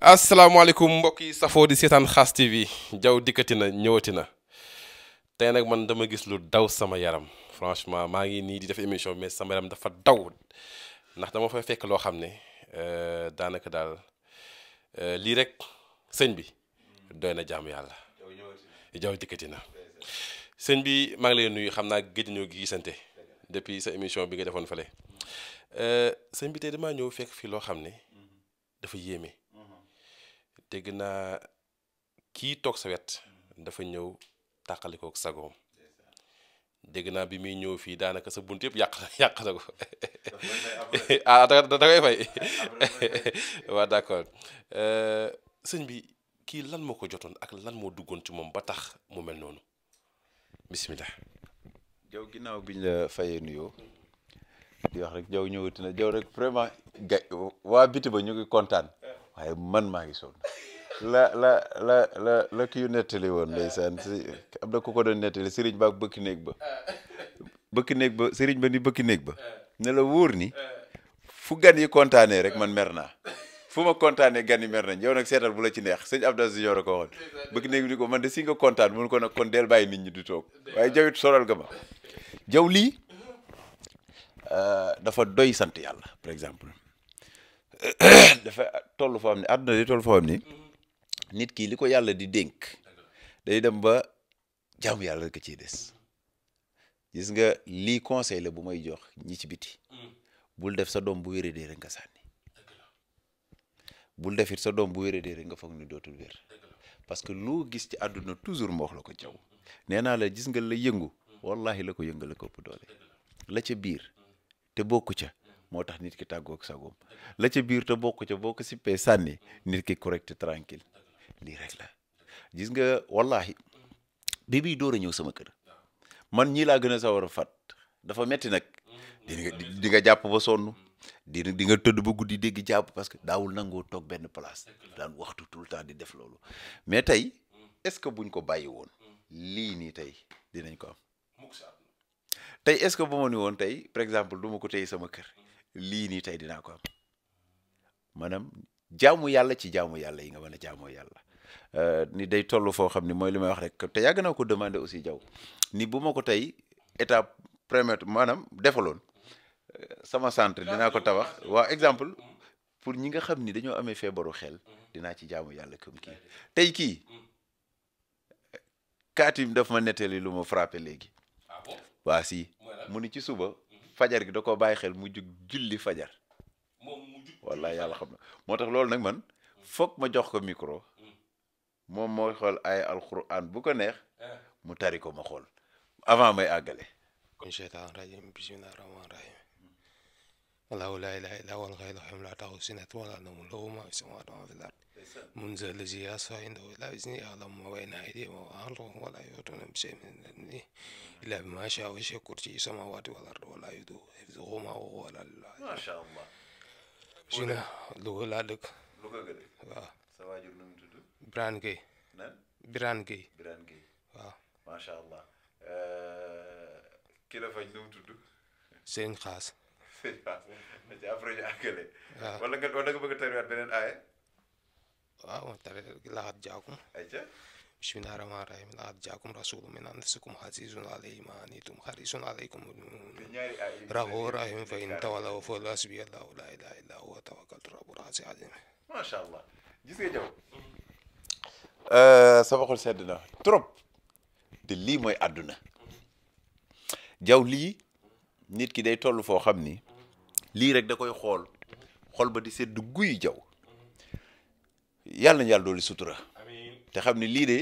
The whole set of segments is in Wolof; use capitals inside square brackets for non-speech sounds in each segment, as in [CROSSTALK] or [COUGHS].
asalaamaaleykum mbokk yi safoo di seetaan xaas TV jaw dikkati na ñëwati na tey nag man dama gis lu daw sama yaram franchement maa ngi nii di def émission mais sama yaram dafa daw ndax dama fay fekk loo xam ne euh, daanaka daal euh, lii rek sëñ bi doy na jaamu yàlla jaw dikkati na sëñ bi maa ngi lay nuyu xam naa gëj ñoo gi gisante depuis sa émission bi nga defoon fale euh, sëñ bi tey damaa ñëw fekk fii loo xam ne dafa yéeme. dégg naa kii toog sa wet dafa ñëw tàqalikook sagoom dégg naa bi muy ñëw fii daanaka sa bunt yëpp yàq yàq na ko [LAUGHS] ah da ngay fay [LAUGHS] euh, sëñ bi kii lan moo ko jotoon ak lan moo duggoon ci moom ba tax mu mel noonu bismillah jaw ginnaaw biñ la fayee nuyoo di wax rek jaw ñëwati na jaw rek vraiment ga waa biti ba ñu ngi kontaan waaye man maa ngi sonn la la la la la yu nettali woon ndeysaan si am na ku ko doon nettali sëriñ ba ak bëkk néeg ba bëkk néeg ba sëriñ ba ni bëkk néeg ba ne la wóor ni fu gan yi kontaanee rek man mer naa fu ma kontaanee gan yi mer nañ yow nag seetal bu la ci neex sëñ Abdou Aziz Joro ko waxoon bëgg néeg ni ko man de si nga kontaan mun ko nag kon del baay nit ñi di toog waaye jawit soral ga ma jaw lii mm-hmm. euh, dafa doy sant yàlla par exemple [COUGHS] dafa toll foo xam ne àdduna di toll foo xam ni nit ki li ko yàlla di dénk day dem ba jaamu yàlla rek ciy des gis nga lii conseil bu may jox ñi ci biti mm. bul def sa doom bu wéradee rek nga sànni bul sa doom bu wéradee rek nga foog ni dootul wér parce que loo gis ci àdduna toujours mboox la ko caw nee naa la gis nga la yëngu wallahi la ko yënga la ko doole la ca biir te bokku ca moo tax nit ki tàggoog sagoom la ca biir te ko ca boo ko sippee sànni nit ki correct tranquille lii rek la gis nga wallahi bi bii door a ñëw sama kër man ñii laa gën a sawar a fat dafa metti nag di di nga jàpp ba sonn di di nga tëdd ba guddi dégg jàpp parce que daawul nangoo toog benn place daan waxtu tout le temps di def loolu mais tey est-ce que buñ ko bàyyi woon lii nii tey dinañ ko am tey est-ce que bu ma ni woon tey par exemple du ma ko téye sama kër lii nii tey dinaa ko am maanaam jaamu yàlla ci jaamu yàlla yi nga mën a jaamoo yàlla euh, ni day toll foo xam ni mooy li may wax rek te yàgg naa ko demandé aussi jaw ni bu ma ko tey étape première maanaam defaloon euh, sama centre dinaa ko tabax waa exemple pour ñi nga xam ni dañoo amee feebaru xel dinaa ci jaamu yàlla comme kii tey kii kaatim daf ma nettali lu ma frappé léegi ah waa si mu ni ci suba fajar gi da koo bàyyi xel mu jug julli fajar. moom mu yàlla xam na moo tax loolu nag man mm. foog ma jox ko micro. Mm. moom mooy xool ay alquran bu ko neex. Eh. mu tari ko ma xool avant may àggale. kon cheytaan rajim bismillahi rahmaani rahim allahu laa ilaaha illaa huwal hayyul qayyuum laa taxu sinatun wa laa nawm lahu maa fi samaawaati wa maa fi l-ard منزل الذي يصح عنده لا يزني يعلم ما بين أيديهم وما خلفهم ولا يحيطون بشيء من علمه إلا بما شاء وسع كرسيه السماوات والأرض ولا يؤوده حفظهما وهو العلي العظيم ما شاء الله su ne Louga laa dëkk. Louga nga dëkk. waaw. sa waajur nu mu tudd. Birane Gueye. nan Birane Gueye. Birane Gueye. Eh, ki faj nu mu tudd. Sëñ Xaas. Sëñ [LAUGHS] Xaas après ñu àggale. waaw wala nga a beneen aaye. waaw tare laxat jaakum bismillah rahman rahim laxat jaakum rasulu min anfusikum xasisun alayhi ma anitum xarisun alaykum raxoo rahim fa in tawalaw fa la ilaha illa huwa tawakkaltu rabbul trop te lii mooy àdduna jaw lii nit ki day toll foo xam ni lii rek da koy xool xol ba di sedd guy jaw yàlla nañu yàlla dooli sutura te xam ne lii de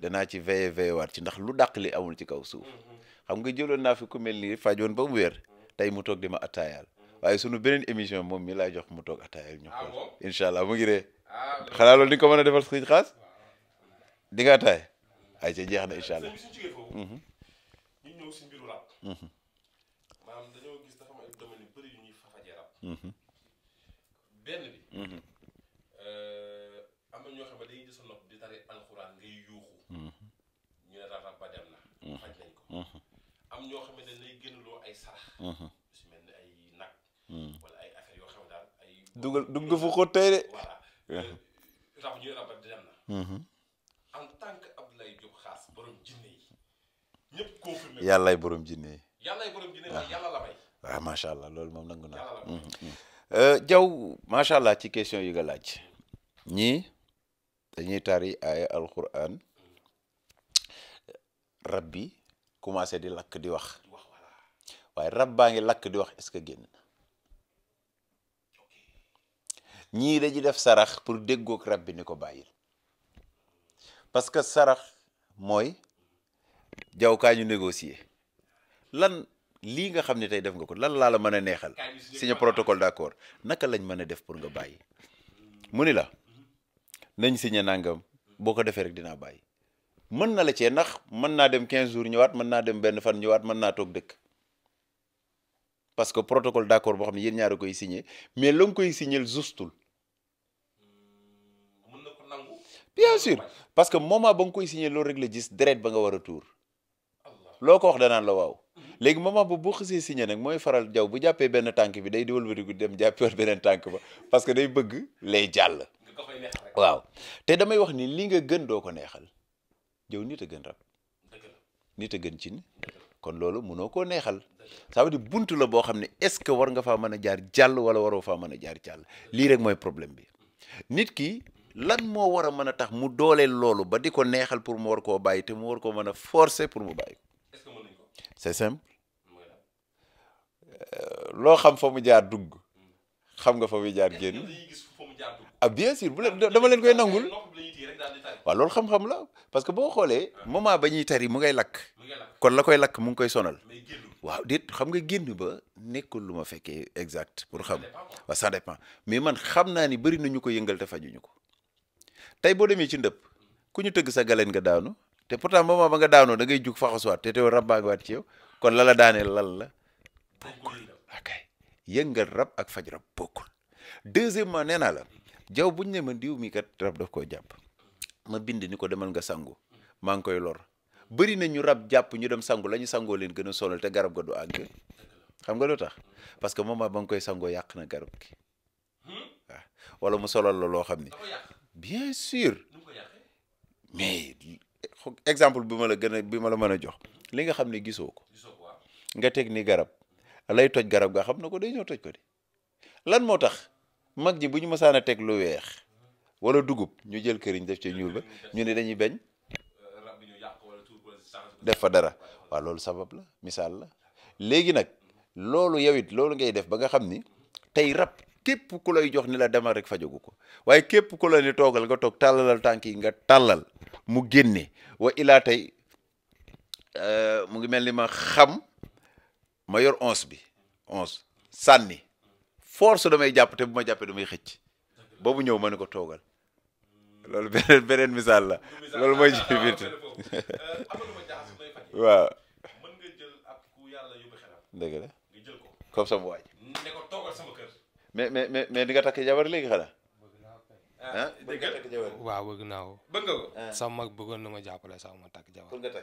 danaa ci veillé veillé waat ci ndax lu dàq li amul ci kaw suuf mm-hmm. xam nga jëloon naa fi ku mel ni fajoon ba mu wér tey mu toog di ma attaayaal waaye sunu beneen émission moom mi laa jox mu toog attaayaal ñu xool ah, incha allah mu ngi ah, xanaa loolu di nga ko mën a defal sëriñ xaas di nga attaay ay ca jeex na incha allah. ñoo xam ne dañuy jël sa nopp di tari alxuraan ngay yuuxu. ñu ne rab ba dem na. faj nañ ko. am ñoo xam ne dañ lay génnloo ay sarax. su mel ni ay nag. wala ay affaire yoo xam ne daal ay. dugal dugg fu ko tey de. voilà euh, rab ñu ne rab ba dem na. en tant que Abdoulaye Diop Khass borom jinne yi ñëpp confirmé. yàllaay borom jinne yi. yàllaay borom jinne yi ah. waaw yàlla la may. waaw ah, macha allah loolu moom nangu naa. yàlla la may. Euh, Diaw macha allah ci question yi nga laaj ñii. dañuy tari aaya alquran rab bi commencé di lakk di wax waaye rab baa ngi lakk di wax est-ce que génn ñii dañuy def sarax pour déggook rab bi ni ko bàyyi parce que sarax mooy jaw kaa ñu négocier lan lii nga xam ne tey def nga ko lan laa la mën a neexal signé protocole d'accord naka lañ mën a def pour nga bàyyi mu ni la nañ signé nangam boo ko defee rek dinaa bàyyi mën na la cee ndax mën naa dem 15 jours ñëwaat mën naa dem benn fan ñëwaat mën naa toog dëkk parce que protocole d'accord boo xam ne yéen ñaar koy signé mais la nga koy signé justul. mën na ko nangu. bien sûr parce que moment ba nga koy signé loolu rek la gis deret ba nga war a tuur loo ko wax danaan la waaw. léegi moment ba boo xasee signé nag mooy faral jaw bu jàppee benn tànk bi day di wëlbatiku dem jàppiwaat beneen tànk ba parce que day bëgg lay jàll. waaw te damay wax nii li nga gën doo ko neexal jëw nit a gën rab nit a gën cin kon loolu mënoo koo neexal ça di dire buntu la boo xam ne est-ce que war nga faa mën a jaar jàll wala waroo faa mën a jaar jàll lii rek mooy problème bi nit ki lan moo war a mën a tax mu dooleel loolu ba di ko neexal pour mu war koo bàyyi te mu war koo mën a forcer pour mu bàyyi ko c'est euh, loo xam fa mu jaar dugg xam nga fa muy jaar génn ah bien sûr dama leen koy nangul waaw loolu xam-xam la parce que boo xoolee ah. moment ba ñuy tari mu ngay lakk kon la koy lakk mu ngi koy sonal waaw déet xam nga génn ba nekkul lu ma fekkee exact pour xam waaw ça dépend mais man xam naa ni bëri na ñu ko yëngal te fajuñu ko tey boo demee ci ndëpp ku ñu tëgg sa galeen nga daanu te pourtant moment ba nga daanoo da ngay jug faxasuwaat te teew rabbaangiwaat ci yow kon la la lan la bokkul akay rab ak faj rab bokkul deuxièmement nee naa la jaw ñu ne ma diw mii kat rab daf koo jàpp ma bind ni ko demal nga sangu maa ngi koy lor bëri na ñu rab jàpp ñu dem sangu la ñu sangoo leen gën a sonal te garab ga du àgg nga lu tax parce que moment ba nga koy sangoo yàq na garab gi wala mu solol la loo xam ne bien sûr mais exemple bi ma la gën a ma la mën a jox li nga xam ne gisoo ko nga teg nii garab lay toj garab ga xam na ko day ñëw toj ko di lan moo tax. mag ji bu ñu mosaan a teg lu weex wala dugub ñu jël këriñ def ci ñuul ba ñu ne dañuy bañ def fa dara waaw loolu sabab la misaal la léegi nag loolu yow it loolu ngay def ba nga xam ni tey rab képp ku lay jox ni la demal rek fajagu ko waaye képp ku la ni toogal nga toog tàllalal tànk yi nga tàllal mu génne wa ilaa tey euh, mu ngi mel ni ma xam mayor yor bi onze sànni force damay jàpp te bu ma jàppee damay xëcc boobu ñëw ma ne ko toogal loolu beneen beneen la loolu mooy [LAUGHS] ji biir ah, [LAUGHS] euh, waaw. dëgg la comme sama waay. mais mais mais mais di nga takk jabar léegi xanaa. ah bëgg waaw bëgg naa ko. bëgg nga ah. na ma jàppale sax ma takk jabar.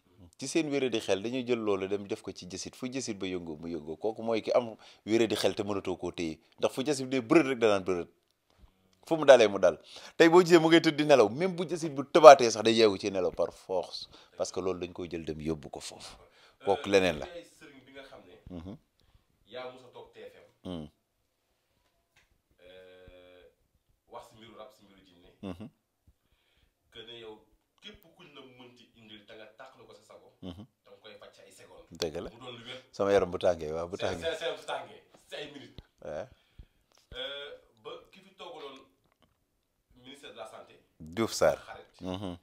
ci seen di xel dañuy jël loolu dem def ko ci jësit fu jësit ba yëngoo mu yëngoo kooku mooy ki am di xel te mënatoo koo téye ndax fu jësit dee bërët rek danaan bërët fu mu dalee mu dal tey boo gisee mu ngay tëdd di nelaw même bu jësit bu tëbaatee sax day yeewu ci nelaw par force parce que loolu dañ koy jël dem yóbbu ko foofu kooku leneen la. sëriñ nga xam ne. Mhm. yaa mhm. euh, wax si mbiru dëgg la sama yaram bu tàngee waaw bu tàngee seen bu tàngee si euh, la santé. Diouf Sarr xarit. Mm-hmm.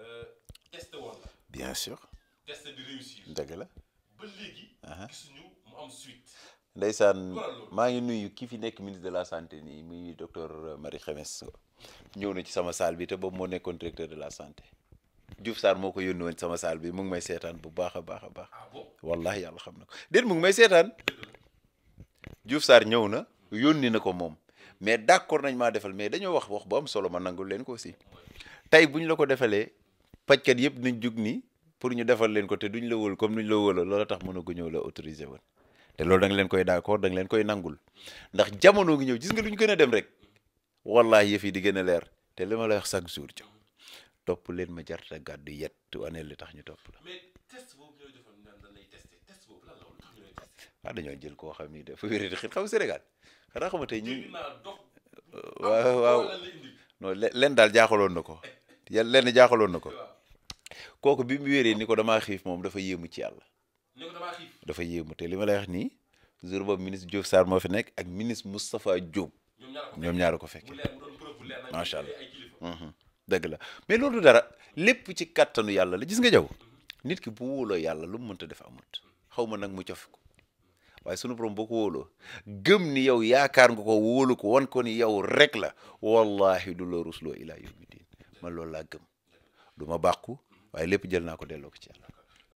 Euh, testé woon la. bien sûr. test bi léegi. Uh-huh. gisuñu ndeysaan maa ngi nuyu ki fi nekk ministre de la santé nii muy docteur Marie Khemesse ñëw na ci sama saal bi te boobu moo nekkoon directeur de la santé. Diouf Sarr moo ko yónni woon sama saal bi mu ngi may seetaan bu baax a baax a baax ah wallahi yàlla xam na ko déet mu ngi may seetaan Diouf saar ñëw na yónni na ko moom mais d'accord nañ maa defal mais dañoo wax wax bu am solo ma nangul leen ko aussi tey bu ñu la ko defalee pajkat yëpp nañ jug ni pour ñu defal leen ko te duñ la wóol comme nuñ la wóoloo loola tax mën a gu ñëw la autorisé woon loolu da leen koy d'accord da nga leen koy nangul ndax jamono ngi ñëw gis nga lu ñu gën a dem rek wallahi yëf yi di gën a leer te li ma la wax chaque jour jox topp leen ma jarta gàddu yett wane li tax ñu topp la. mais test boobu ñoo ah, dañoo jël koo xam ni dafa wéradi xit xam Sénégal xanaa xama tey ñu. waaw waaw non leen daal jaaxaloon na ko leen lenn jaaxaloon na ko. kooku bi mu wéree ni ko damaa xiif moom dafa yéemu ci yàlla. dafa yéemu te li ma lay wax nii jour boobu ministre Diouf saar moo fi nekk ak ministre Moustapha Diop. ñoom ñaar ko fekk ñoom ñaar ko dëgg la mais loolu du dara lépp ci kàttanu yàlla la gis nga jaw nit ki bu wóoloo yàlla lu mu mënta def amut xaw ma nag mu cof ko waaye sunu borom boo ko wóoloo gëm ni yow yaakaar nga ko wóolu ko wan ko ni yow rek la wallahi du la rusloo ilaa yawmi diin man loolu laa gëm du ma bàqu waaye lépp jël naa ko delloo ko ci yàlla